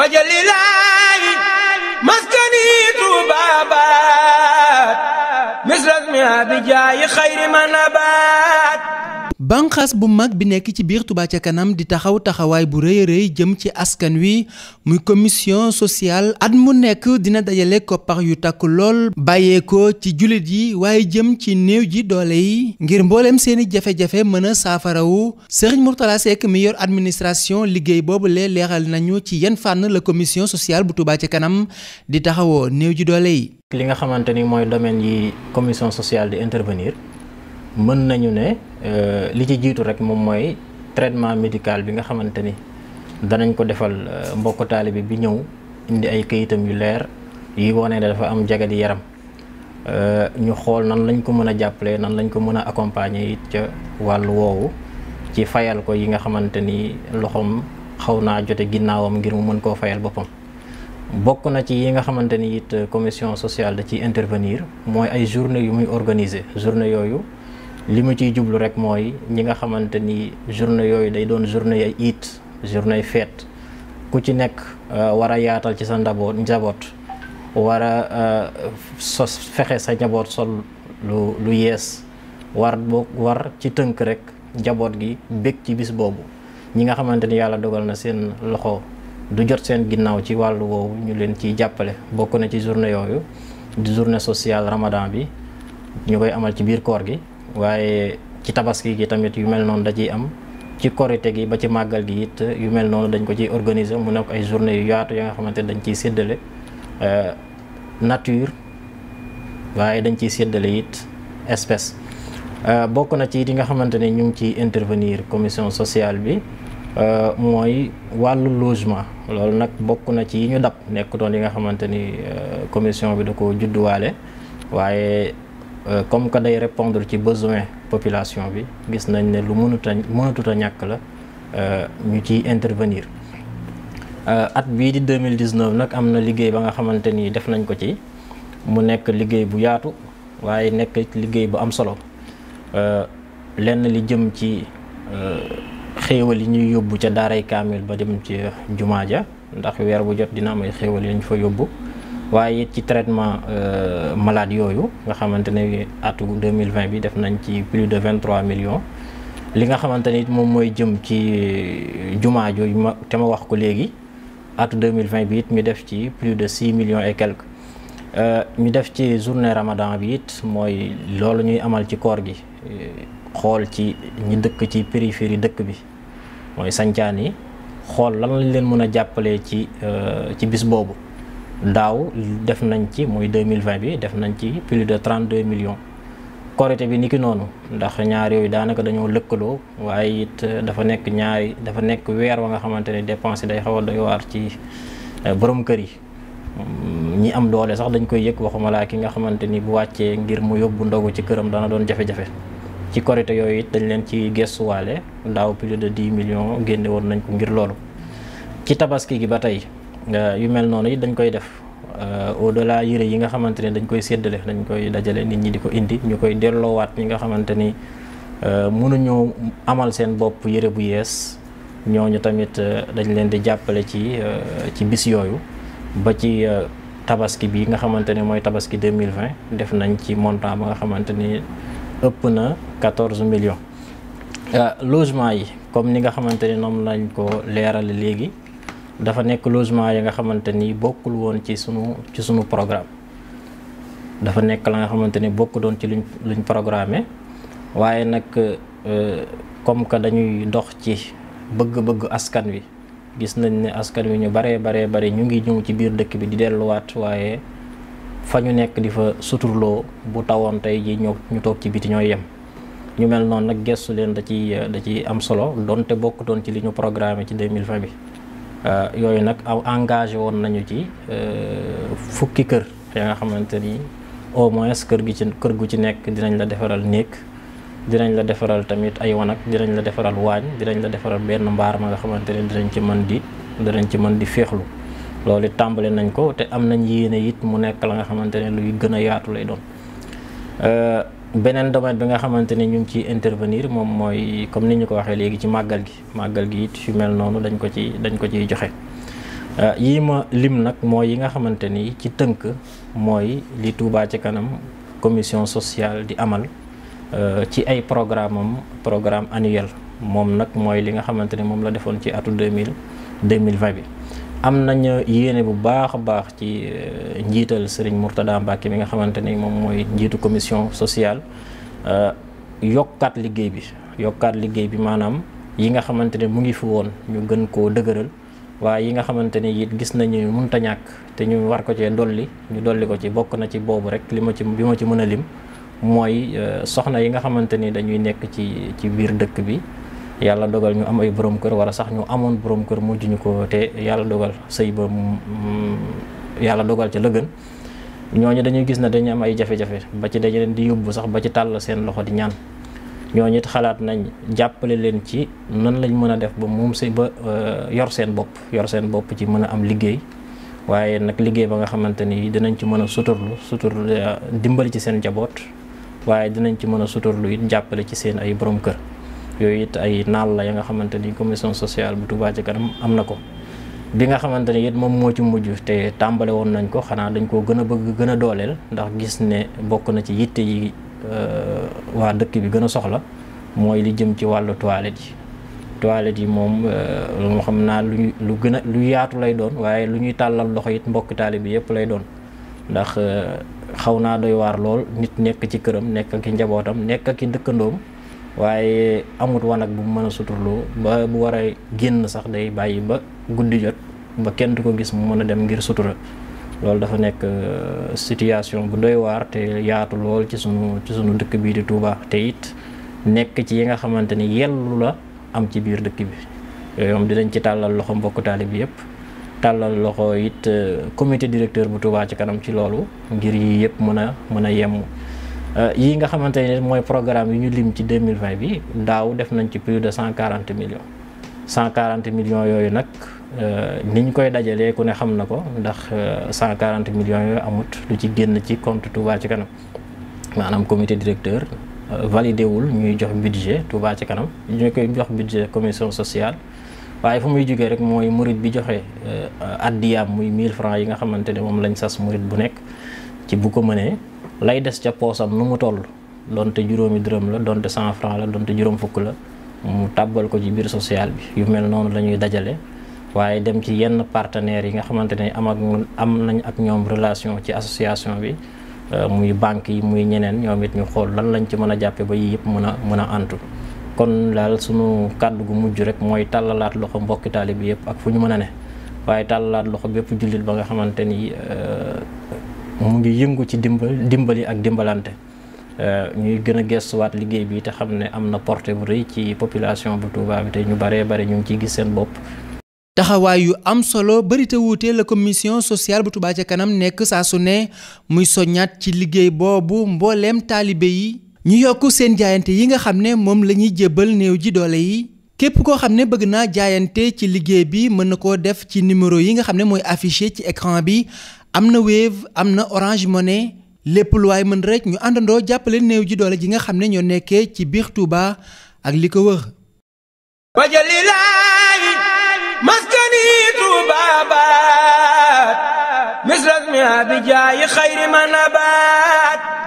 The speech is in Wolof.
wajalilaayi maskani Tuubaa baat misras mi abijaayi xayri ma nabaat banqaas bu mag bi nekk ci biir Touba ca kanam di taxaw taxawaay bu rëy rëy jëm ci askan wi muy commission sociale at mu nekk dina dajale koppar yu takk lool bàyyeekoo ci jullit yi waaye jëm ci néew ji doole yi ngir mbooleem seeni jafe-jafe mën a saafarawu Serigne Mourtala Seck mi yor administration liggéey boobu lee leeral nañu ci yenn fànn la commission sociale bu Touba ca kanam di taxawoo néew ji doole yi. li nga xamante ni mooy domaine yi commission sociale di intervenir. mën nañu ne euh, li ci jiitu rek moom mooy traitement médical bi nga xamante ni danañ ko defal euh, mbokk taalibe bi ñëw indi ay kayitam yu leer yi wone ne dafa am jagadi yaram euh, ñu xool nan lañ ko mën a jàppale nan lañ ko mën a accompagner it ca wàll woowu ci fayal ko yi nga xamante ni loxoom xaw naa jote ginnaawam ngir mu mën koo fayal boppam bokk na ci yi nga xamante ni it commission sociale da ciy intervenir mooy ay journée yu muy organiser journée yooyu li ma ciy jublu rek mooy ñi nga xamante ni journée yooyu day doon journée ay iit journée fête ku ci nekk euh, war a yaatal ci sa ndaboo njaboot war a euh, sos fexe sa njaboot sol lu lu yees war boo war ci tënk rek njaboot gi bég ci bis boobu ñi nga xamante ni yàlla dogal na seen loxo du jot seen ginnaaw ci wàll woowu ñu leen ciy jàppale bokk na ci journée yooyu di journée sociale ramadan bi ñu koy amal ci biir koor gi waaye ci tabaski gi tamit yu mel noonu da ciy am ci korite gi ba ci màggal gi it yu mel noonu dañ ko ciy organiser mu nekk ay journée yu yaatu ya nga xamante dañ ciy séddale euh, nature waaye dañ ciy séddale it espèce euh, bokk na ci yi nga xamante ne ñu ngi ciy intervenir commission sociale bi euh, mooy wàllu logement loolu nag bokk na ci yi ñu dab nekk doon yi nga xamante ni commission bi da ko judduwaale waaye Euh, comme que day répondre ci besoin population bi gis nañ ne lu mënut a mënatut a ñàkk la euh, ñu ci intervenir euh, at bii di 2019 nag am na liggéey ba nga xamante nii def nañ ko ci mu nekk liggéey bu yaatu waaye nekk liggéey bu am solo lenn li jëm ci xéewal yi ñuy yóbbu ca daaray kaamil ba dem ci jumaa ja ndax weer bu jot dina am ay xéewal yi ñu fa yóbbu waaye it ci traitement euh, malade yooyu nga xamante ne atu 2020 bi def nañ ci plus de 23 millions li nga xamante ne it moom mooy jëm ci euh, jumaa jooju ma te ma wax ko léegi atu 2020 bi it ñu def ci plus de 6 millions et quelques ñu euh, def ci journée ramadan bi it mooy loolu ñuy amal ci koor gi xool ci ñu dëkk ci périphérie dëkk bi mooy sancaan yi xool lan lañ leen mën a jàppale ci ci bis boobu daaw def nañ ci muy 2020 bi def nañ ci plus de 32 millions korité bi niki noonu ndax ñaar yooyu daanaka dañoo lëkkaloo waaye it euh, dafa nekk ñaari dafa nekk weer wa nga xamante ne dépense day xaw a doy waar ci euh, borom kër yi ñi am doole sax dañ koy yëg waxuma laa ki nga xamante ni bu wàccee ngir mu yóbbu ndogu ci këram dana doon jafe-jafe ci korité yooyu it dañ leen ci gestuwaale daaw plus de 10 millions génne woon nañ ko ngir loolu ci tabaski gi ba tey Euh, yu mel noonu it dañ koy def euh, au delà yére yi nga xamante ne dañ koy séddale dañ koy dajale nit ñi di ko indi ñu koy delloowaat ñi nga xamante ni euh, mënuñoo amal seen bopp yére bu yees ñooñu tamit dañ leen di jàppale ci ci bis yooyu ba ci tabaski bi nga xamante ne mooy tabaski 2020 def nañ ci montant ba nga xamante ni ëpp na 14 million logement yi comme ni nga xamante ni noonu lañ ko leerale léegi dafa nekk logement yi nga xamante ni bokkul woon ci sunu ci sunu programme dafa nekk la nga xamante ni bokk doon ci luñ luñ programme waaye nag euh, comme que dañuy dox ci bëgg-bëgg askan wi gis nañ ne askan wi ñu baree baree bari ñu ngi ñëw ci biir dëkk bi di delluwaat waaye fa ñu nekk di fa suturloo bu tawoon tey ji ñoo ñu toog ci biti ñooy yem ñu mel noonu nag gestu leen da ci da ci am solo donte bokk doon ci li ñu programme ci 2020 bi Euh, yooyu nag aw engagé woon nañu ci euh, fukki kër ya nga xamante ni au moins kër gi ci kër gu ci nekk dinañ la defaral néeg dinañ la defaral tamit ay wanag dinañ la defaral waañ dinañ la defaral benn mbaar ma nga xamante ni dinañ ci mën di dinañ ci mën di féexlu loolu it tàmbale nañ ko te am nañ yéene it mu nekk la nga xamante ne luy gën a yaatu lay doon euh, beneen domaine bi nga xamante ni ñu ngi ciy intervenir moom mooy comme ni ñu ko waxee léegi ci màggal gi màggal gi it yu mel noonu dañ ko ci dañ ko ciy joxe euh, yii ma lim nag mooy yi nga xamante ni ci tënk mooy li Touba ci kanam commission sociale di amal euh, ci ay programme am programme annuel moom nag mooy li nga xamante ni moom la defoon ci atu 2000 2020 bi am nañ yéene bu baax a baax ci euh, njiital Serigne Mourtada Mbacke bi nga xamante ni moom mooy njiitu commission sociale euh, yokkat liggéey bi yokkaat liggéey bi maanaam yi nga xamante ne mu ngi fi woon ñu gën koo dëgëral waaye yi nga xamante ni it gis nañu mënta ñàkk te ñu war ko cee dolli ñu dolli ko ci bokk na ci boobu rek li ma ci bi ma ci mën a lim mooy euh, soxna yi nga xamante ni dañuy nekk ci ci biir dëkk bi yàlla dogal ñu am ay boroom kër wala sax ñu amoon boroom kër mujj ñu ko te yàlla dogal sëy ba mm, yàlla dogal ca la gën ñooñu dañuy gis ne dañu am ay jafe-jafe ba ci dañu leen di yóbbu sax ba ci tàll seen loxo di ñaan ñoo ñit xalaat nañ jàppale leen ci nan lañ mën a def ba moom sëy ba euh, yor seen bopp yor seen bopp ci mën a am liggéey waaye nag liggéey ba nga xamante ni dinañ ci mën a suturlu suturlu euh, dimbali ci seen njaboot waaye dinañ ci mën a suturlu it jàppale ci seen ay borom kër yooyu it ay naal la ya nga xamante ni commission sociale bu Touba ci kanam am na ko bi nga xamante ni it moom moo ci mujj te tàmbale woon nañ ko xanaa dañ koo gën a bëgg gën a dooleel ndax gis ne bokk na ci yitte yi euh, waa dëkk bi gën a soxla mooy li jëm ci wàllu toilette yi toilette yi moom moo euh, xam naa lu lu gën a lu yaatu lay doon waaye lu ñuy tàllal loxo it mbokk taali bi yëpp lay doon ndax euh, xaw naa doy waar lool nit nekk ci këram nekk ak i njabootam nekk ak i waaye amut wanag bu mu mën a ba bu war a génn sax day bàyyi ba guddi jot ba kenn du ko gis mu mën a dem ngir sutura loolu dafa nekk euh, situation bu doy waar te yaatu lool ci sunu ci sunu dëkk bii di Touba te it nekk ci yi nga xamante ni yellu la am ci biir dëkk bi yooyu moom dinañ ci tàllal loxo mbokku taalibe bi yëpp tàllal loxo it euh, comité directeur bu Touba ci kanam ci loolu ngir yii yëpp mën a mën a yemm Euh, yii nga xamante ne mooy programme yi ñu lim ci 2020 bi daaw def nañ ci plus de 140 millions 140 millions yooyu nag euh, ni ñu koy dajalee ku ne xam na ko ndax 140 euh, millions yooyu amut lu ci génn ci compte Touba ci kanam maanaam commité directeur validé wul ñuy jox budget Touba ci kanam ñu koy jox budget commission sociale waaye fu muy jógee rek mooy murit bi joxe addiyaam muy mille francs yi nga xamante ne moom lañ sas murit bu nekk ci bu ko mënee lay des ca poosam nu mu toll donte juróomi dërëm la donte cent franc la donte juróom fukk la mu tàbbal ko ci biir sociale bi yu mel noonu la dajale waaye dem ci yenn partenaires yi nga xamante ne am ak am nañ ak ñoom relation ci association bi euh, muy banque yi muy ñeneen ñoom it ñu xool lan lañ ci mën a jàppe ba yii yëpp mën a mën a antu kon daal sunu kàddu gu mujj rek mooy tàllalaat loxo mbokki taalibe bi yëpp ak fu ñu mën a ne waaye tàllalaat loxo nga xamante ni euh, mu ngi yëngu ci dimbal dimbali ak dimbalante euh, ñuy gën a gestuwaat liggéey bi te xam ne am na portée bu rëy ci population bu Touba bi te ñu baree bare ñu ngi ciy gis seen bopp. taxawaay yu am solo bari te wuute ko mission sociale bu Touba ca kanam nekk saa su ne muy soññaat ci liggéey boobu mbooleem taalibe yi. ñu yokk seen jaayante yi nga xam ne moom la ñuy jébbal néew ji doole yi. képp koo xam ne bëgg naa jaayante ci liggéey bi mën na koo def ci numéro yi nga xam ne mooy affiché ci écran bi. am na Wave am na Orange Money lépp lu waay mën rek ñu àndandoo jàppale néew ji doole ji nga xam ne ñoo nekkee ci biir Touba ak li ko wër. wajalilaayi maskani Touba baat misrame abijaayi xayri manabaat